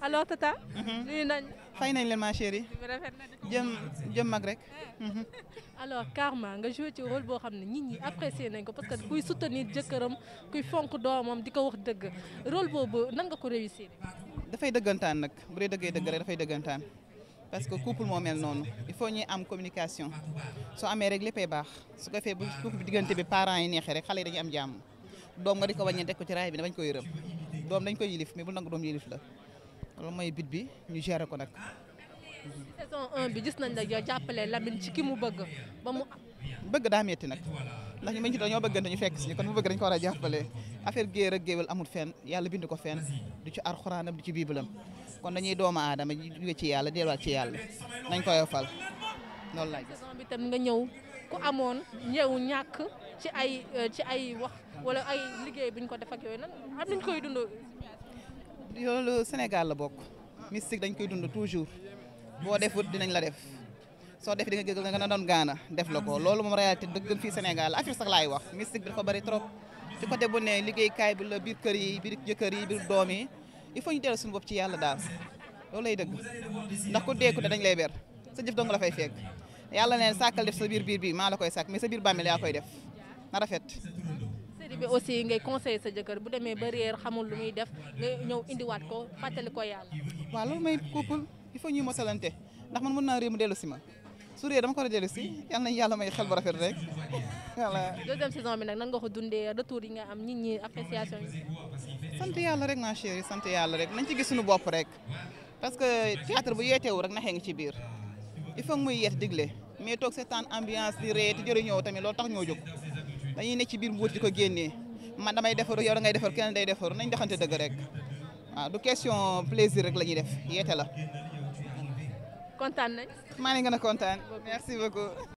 alors tata. Mhm. nuyu nañ fay nañ leen ma chérie jëm jëm mag rek. Eh. Mhm. alors Karma nga joué ci rôle boo xam ne nit ñi apprécié nañ ko parce que kuy soutenir jëkkëram kuy fonk doomam di ko wax dëgg rôle boobu nan nga ko réussir. dafay dëggantaan nag bu dee dëggee dëgg rek dafay dëggantaan parce que couple moo mel noonu il faut ñuy am communication soo amee rek léppay baax su ko fee bu diggante bi parent yi neexee rek xale dañu am jàmm doom nga di ko wàññi teg ko ci raay bi ne bañ yërëm doom dañ koy yilif mais nangu doom yilif la. loolu mooy bit bi ñu gérer ko nag. saison bi gis nañ la yow jàppale Lamine ci ki mu bëgg ba mu. bëgg daa metti nag ndax ñu mañ ci dañoo bëggante ñu fekk si kon bu bëgg dañ a jàppale affaire géer ak amul fenn yàlla bind ko fenn du ci arxuraanam du ci biibalam kon dañuy doomu aadama ñu jóge ci yàlla delluwaat ci yàlla nañ ko yofal loolu laaj saison bi nga ñëw ku amoon ñëw ñàkk ci ay ci ay wax wala ay liggéey buñ ko def ak yooyu nan am nañ koy dund yoolu senegal la bokk mystique dañ koy dund toujours boo defut dinañ la def soo def di nga gëgal nga na doon gaana def la ko loolu moom réalité dëgg fii Sénégal a sax laay wax mystique bi dafa bari trop ci côté bu ne liggéeykaay bi la biir kër yi biir jëkkër yi biir doom yi il faut ñu dellu suñu bopp ci yàlla daal loolu lay dëgg ndax ku deeku ne dañ lay ber sa jëf dong la fay fekk yàlla neen sàkkal def sa biir biir bi maa la koy sàkk mais sa biir bàmmeel yaa koy def na rafet série bi aussi ngay conseiller sa jëkkër bu demee ba réer xamul lu muy def nga ñëw indiwaat ko fàttali ko yàlla. waaw loolu may couple il faut ñuy mosalante ndax man mën naa réer mu dellu si ma su réer dama ko war a dellu si yal nañu yàlla may xel bu rafet rek voilà. deuxième saison bi nag nan nga ko dundee retour yi nga am nit ñi appréciation yi. sant yàlla rek yàlla rek nañ ci gis suñu bopp rek parce que théâtre bu yeeteewu rek naxee ngi ci biir il faut muy yeet digle mais toog seetaan ambiance di ree te jëriñoo tamit lool tax ñoo jóg. dañuy ne ci biir mbuur di ko génnee man damay defar yow da ngay defar keneen day defar nañ doxante dëgg rek waaw du question plaisir rek la ñuy def yeete la. kontaan nañ. maa ngi gën a kontaan merci